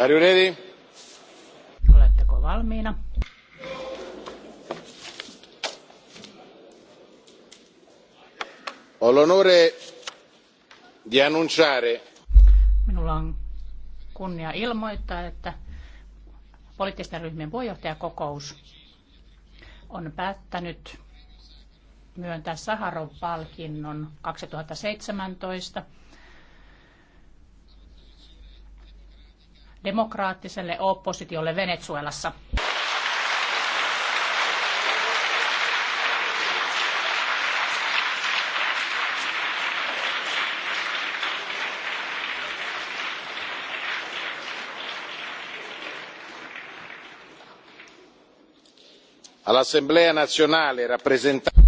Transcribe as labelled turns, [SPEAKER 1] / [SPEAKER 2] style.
[SPEAKER 1] Are you ready?
[SPEAKER 2] Oletteko valmiina?
[SPEAKER 3] Ho l'onore di annunciare.
[SPEAKER 4] Minulla on kunnia ilmoittaa, että poliittisten ryhmien puheenjohtajakokous on päättänyt myöntää Saharov-palkinnon 2017 demokraattiselle oppositiolle Venezuelassa.
[SPEAKER 3] all'assemblea nazionale rappresentata